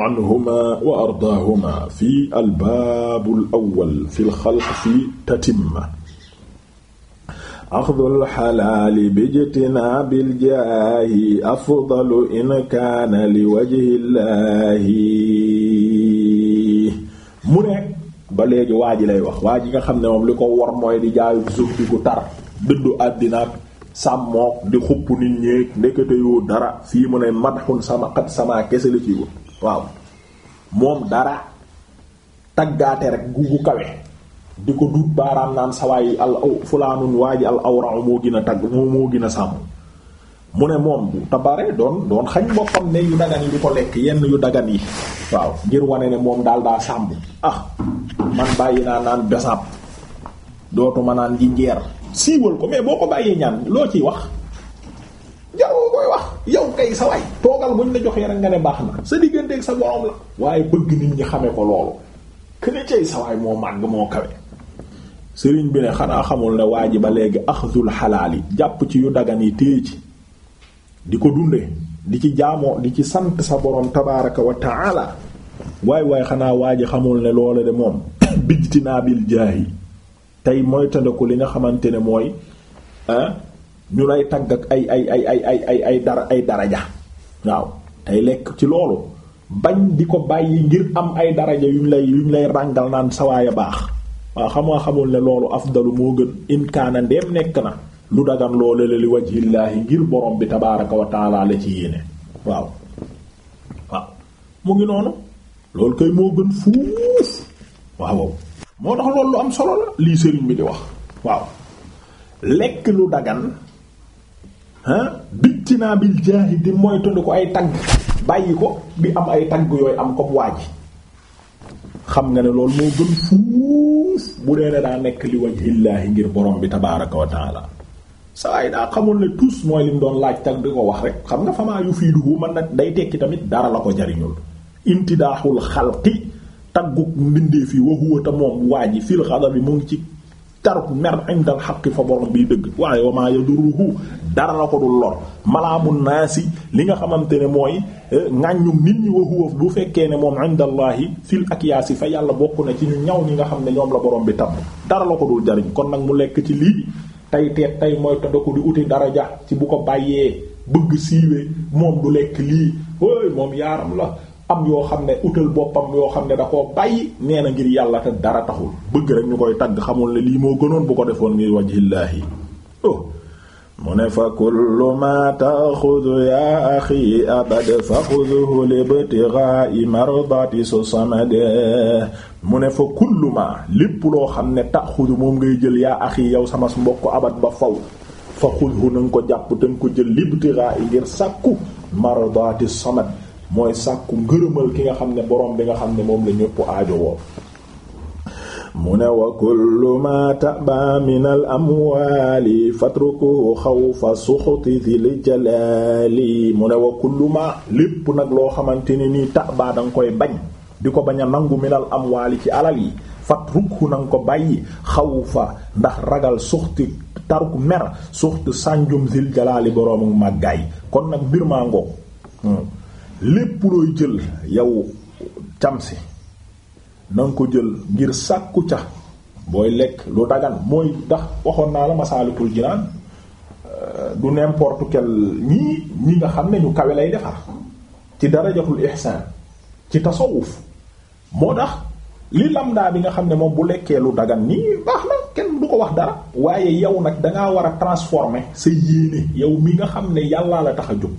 anhumaa wa ardaahumaa fi albaabul awwal fi lxalq fi tatimma in kaana li wajhillaahi mu ne ba léegi waa lay wax waa ji nga xam ne moom li ko war mooy di jaayu suuf gu tar dëddu àddinaak sàmmook di xupp nit ñéeg ndekete yoo dara fii mu ne madxun sama xat sama kese la ciy wut waaw moom dara taggaate rek gugu kawe di ko duut baaraam naan sawaay al fulaanun waa ji al awra'u moo gin a tag moo moo gën a sàmm mu ne moom bu tabare doon doon xañ boppam ne yu dagan yi di ko lekk yenn yu dagan yi waaw ngir wane ne moom daal daa sàmm ah man bàyyi naa naan besaab dootuma naan ji njeer siiwal ko mais boo ko bàyyee ñaan loo ciy wax yow kay sa way toogal buñ la jox rek nga ne baax na sa digganteeg sa borom la waaye bëgg nit ñi xamee ko loolu kene cay sa waay moo màgg moo kawe sëriñ bi ne xanaa xamul ne waa ji ba léegi axzul xalaal yi jàpp ci yu dagan yi téye ci di ko dunde di ci jaamoo di ci sant sa borom tabaraka wa taala waaye waay xanaa waa ji xamul ne loolu de moom bijtinaabil jaahi tey moytandiku li nga xamante ne mooy ah ñu lay tagg ak ay ay ay ay ay ay dara ay waaw tey lekk ci loolu bañ di ko bàyyi ngir am ay daraja yuñ lay yuñ lay ràngal naan sawaay baax waaw xam xamul ne loolu afdalu moo gën in kaana ndeem nekk na lu dagan loole la li wajhillaahi ngir borom bi tabaaraka wa taala la ci yéene waaw waaw mu ngi noonu loolu kay moo gën fuuf waaw moo tax loolu lu am solo la lii sëriñ bi di wax waaw lekk lu dagan bitti naa bil jaahi di moytu ko ay tagg bàyyi ko bi am ay tagg yooyu am comme waaj ji xam nga ne loolu moo gën fuuf bu dee ne daa nekk li wajhillaahi ngir borom bi tabaaraka wa taala saa yi daa xamul ne tous mooy lim doon laaj tag di ko wax rek xam nga famaa yu fii duhu man nag day tekki tamit dara la ko jariñul intidaaxul xalqi tagguk mbindeef yi wa huwa ta moom waa ji fil ghadabi mu ngi ci tarku mer indal xaqi fa borom biy dëgg waaye wa maa yaduruhu dara la ko dul lor malaamu naasi li nga xamante ne mooy eh, ŋàññum nit ñi wa huwa bu fekkee ne moom indallahi fil ak yaasi fa yàlla bokk na ci ñu ñaw ñi nga xam ne ñoom la borom bi tabb dara la ko dul jariñ kon nag mu lekk ci lii tey teet tey mooy te da ko di dara daraja ci bu ko bàyyee bëgg siiwee moom du lekk lii hooy moom yaaram la am yoo xam ne utal boppam yoo xam ne da ko bàyyi nee na ngir yàlla te dara taxul bëgg rek ñu koy tagg xamul ne lii moo gënoon bu ko defoon ngir wajhillaahi oh mu ne fa kullu ma taxudu ya axi abad fa ne fa kullu ma lépp loo xam ne taxudu moom ngay jël yaa axi yow sama mbokk abad ba faw fa xuduhu na ko jàpp te nga ko jël libtirai ngir sàkku mardati samad mooy sàkku ngërëmal ki nga xam ne borom bi nga xam ne moom la ñëpp aajo woo mu ne wa kullu ma taba min al amwaali fatrukuhu xawfa suxuti dil jalaali mu ne wa kullu ma lépp nag loo xamante ne nii taba danga koy bañ di ko bañ a nangu min al amwaali ci alal yi fatruku nanga ko bàyyi xawfa ndax ragal suxti tarku mer suxti sànjum dil jalaali boroomu màggaay kon nag mbir lépp looy jël yow cam si na ko jël ngir sàkku ca booy lekk lu dagan mooy ndax waxoon naa la masaalikul jinaan euh, du n'importe quel ñii ñi nga xam ne ñu kawe lay defar ci darajatul ihsaan ci tasawuf moo tax li lamdaa bi nga xam ne moom bu lekkee lu dagan nii baax na kenn du ko wax dara waaye yow nag dangaa war a transformer sa yéene yow mi nga xam ne yàllaa la tax a jóg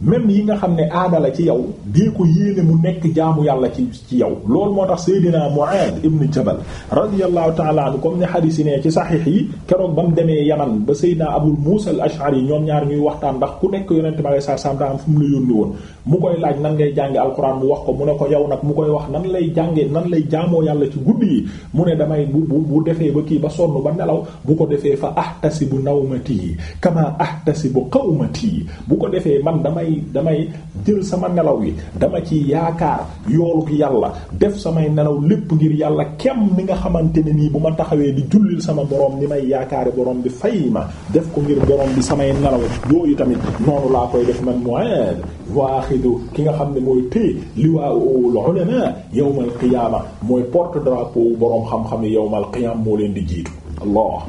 même yi nga xam ne aada ci yow dee ko yéene mu nekk jaamu yàlla ci ci yow loolu moo tax Seydina Mu'aad ibn Jabal radiyallahu ta'ala anhu comme ni xadiis yi ne ci saxiix yi keroog ba mu demee Yaman ba Seydina Abul Muusa al-Ash'ari ñoom ñaar ñuy waxtaan ndax ku nekk yonent bi alayhi salaam daa am fu mu la yónni woon mu koy laaj nan ngay jànge alxuraan mu wax ko mu ne ko yow nag mu koy wax nan lay jànge nan lay jaamoo yàlla ci guddi yi mu ne damay bu bu bu defee ba kii ba sonn ba nelaw bu ko defee fa ahtasibu nawmati kama ahtasibu qawmati bu ko defee man damay damay jël sama nelaw yi dama ci yaakaar yooluk yàlla def samay nelaw lépp ngir yàlla kem ni nga xamante ne nii bu ma taxawee di jullil sama borom ni may yaakaari borom bi fay ma def ko ngir borom bi samay nelaw yooyu tamit noonu laa koy def man moed waaxidu ki nga xam ne mooy téye liwaa'ul ulama yawmal qiyaama mooy porte drapeau borom xam-xam yawmal qiyaama moo leen di jiitu allah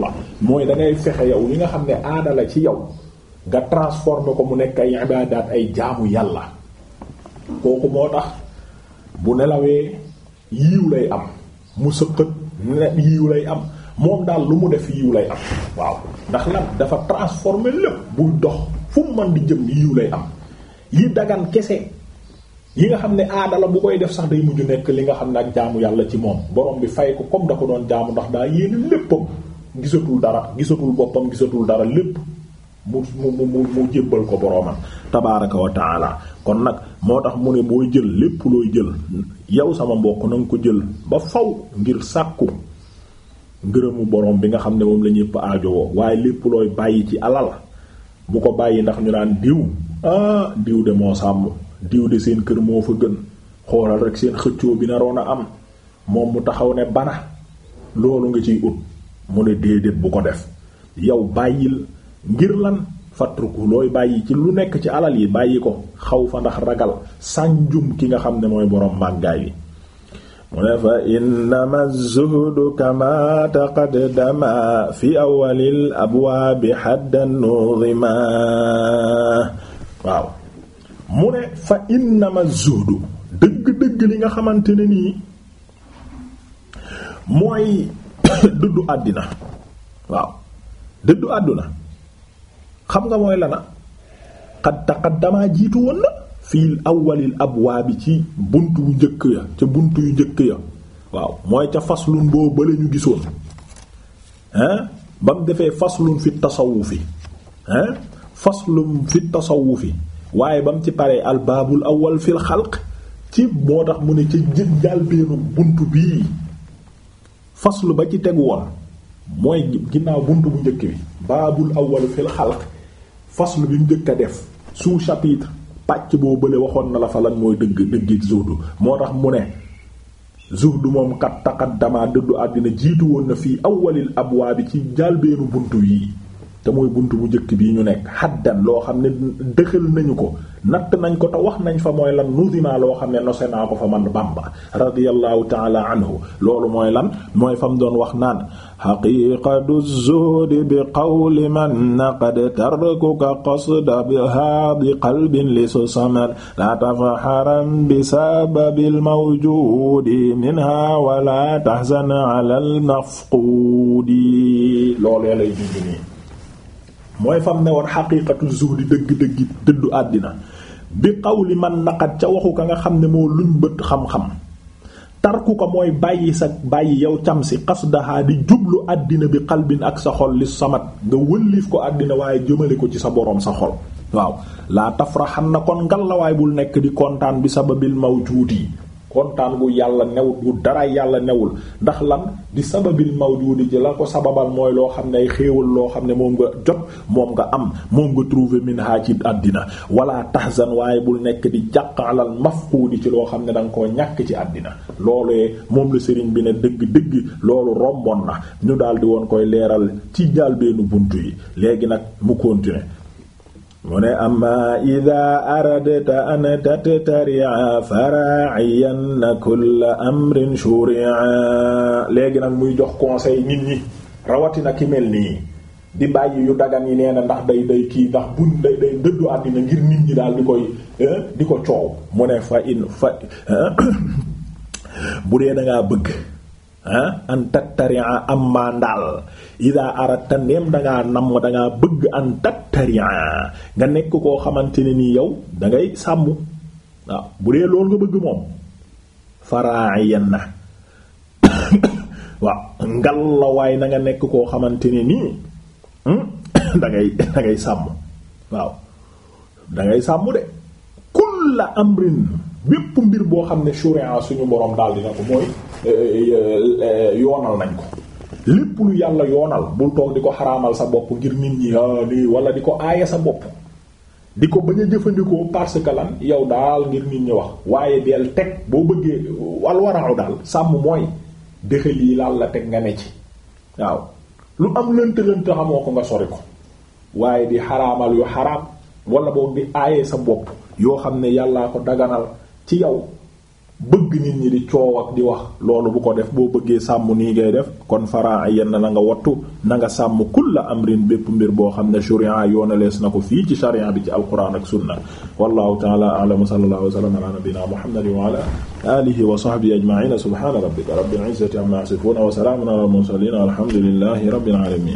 la mooy da fexe yow li nga xam ne aadala ci yow nga transformer ko mu nekk ay ibaadaat ay jaamu yàlla kooku moo tax bu nelawee yiiw lay am mu sëqët yiiw lay am moom daal lu mu def yiw lay am waaw ndax lan dafa transformer lépp buy dox fu mu mën di jëm yiw lay am yi daggan kese yi nga xam ne aada bu koy def sax day mujj nekk li nga xam ne ak jaamu yàlla ci moom borom bi fay ko comme da doon jaamu ndax daa yéene léppam gisatul dara gisatul boppam gisatul dara lépp mu mu mu mu jébbal ko boroomam tabaaraka wa taala kon nag moo tax mu ne booy jël lépp looy jël yow sama mbokk na ko jël ba faw ngir sàkku ngërëmu borom bi nga xam ne moom la ñëpp aajowoo waaye lépp looy bàyyi ci alal bu ko bàyyi ndax ñu naan diw ah diw de moo sàmm diw de seen kër moo fa gën xoolal rek seen xëccoo bi naroon a am moom mu taxaw ne bana loolu nga ciy ut mu ne déedéet bu ko def yow bàyyil. ngir lan fatruku looy bàyyi ci lu nekk ci alal yi bàyyi ko xaw fa ndax ragal sànjum ki nga xam ne mooy boroom màggaay bi mu ne fa innama zuhdu kama dëgg-dëgg li nga xamante ne nii mooy dëddu àddina waaw dëddu àdduna xam nga mooy lana xad taqaddama jiitu woon na fii awwalil abwaabi ci bunt bu njëkk ya ca bunt yu njëkk ya waaw mooy ca faslun boo bale ñu gisoon bam ba mu defee faslun fi tasawufi hein fi waaye bam ci paree albaabul awwal fil xalq ci moo tax mu ne ca jàlbeenu bunt bii faslu ba ci tegu woon mooy ginnaaw bunt bu njëkk bi baabul awwal fil xalq faslu bi mu njëkk a def suuf chapitre pàcc boo bële waxoon na la falan mooy dëgg dëggit zuhdu moo tax mu ne zuhdu moom kat taqaddama dëddu àddina jiitu woon na fii awwalil abwaabi ci jalbeenu buntu yi te mooy bunt bu njëkk bii ñu nekk xaddan loo xam ne dëxal nañu ko natt nañ ko te wax nañ fa mooy lan nudima loo xam ne nose naa ko fa man Bamba radiyallahu taala anhu loolu mooy lan mooy fam doon wax naan xaqiqatu zuhdi bi qawli man naqad tarkuka qasda biha bi qalbin li su samad la tafaxaran bi sababil mawjudi minha wala tahzan ala al loolee lay junj nii mooy fam ne woon xaqiqatu zuhdi dëgg-dëgg dëddu àddina bi li man naqat ca waxu ka nga xam ne moo luñ bët xam-xam tarku ko mooy bàyyi sa bàyyi yow cam si qasdaha di jublu àddina bi qalbin ak sa xol li samat nga wëllif ko àddina waaye jëmale ko ci sa borom sa xol waaw laa tafraxan na kon ngalawaay bul nekk di kontaan bi sababil mawjuudi kontaan gu yàlla new gu dara yàlla newul ndax lan di sababil mawjudi ji la ko sababal mooy loo xam ne ay xéewal loo xam ne moom nga jot moom nga am moom nga trouver minha ci àddina tax tahzan waaye bul nekk di jàq alal mafqudi ci loo xam ne danga nga koo ñàkk ci àddina loolee moom la sëriñ bi ne dëgg-dëgg loolu romboon na ñu daal di woon koy leeral ci jàlbeenu bunt yi léegi nag mu continuer mu ne amma ida aradta an tattari'a faraa'iyanna kulla amrin shuri'a léegi nag muy jox conseil nit ñi rawatina ki mel nii di bàyyi yu dagan yi nee na ndax day day kii ndax bun day day dëddu àddina ngir nit ñi daal di koy eh, di ko coow mu ne fa in fa eh, bu dee dangaa bëgg ah an tattaria amma ndaal ida aradta ndeem bëgg an nga nekk koo xamante ne nii yow dangay sàmm waaw bu dee loolu nga bëgg moom faraayan na waaw ngal la nekk koo xamante ne nii hmm, dangay dangay sàmm waaw dangay sàmm de kulla amrin bépp mbir boo xam ne shuri'a suñu borom daal dina ko mooy Euh, euh, euh, yoonal nañ ko lépp lu yàlla yoonal bul toog di ko xaraamal sa bopp ngir nit ñi di ah, wala di ko aaye sa bopp di ko bañ a jëfandikoo parce que lan yow daal ngir nit ñi wax waaye del teg boo bëggee alwaraaw daal sàmm mooy dëxël yi laal la teg nga ne ci waaw lu am lënt lënt xamoo ko nga sori ko waaye di xaraamal yu xaraam wala boog di aaye sa bopp yoo xam ne yàllaa ko daganal ci yow bëgg nit ñi di coow ak di wax loolu bu ko def boo bëggee sàmm nii ngay def kon faraa yenn na nga wattu na nga sàmm kulla amrin bépp mbir boo xam ne sharia yoonalees na ko fii ci sharia bi ci alquran ak sunna wallahu ta'ala a'lam sallallahu alayhi wa sallam ala nabiyyina muhammadin wa alhamdulillahi rabbil alamin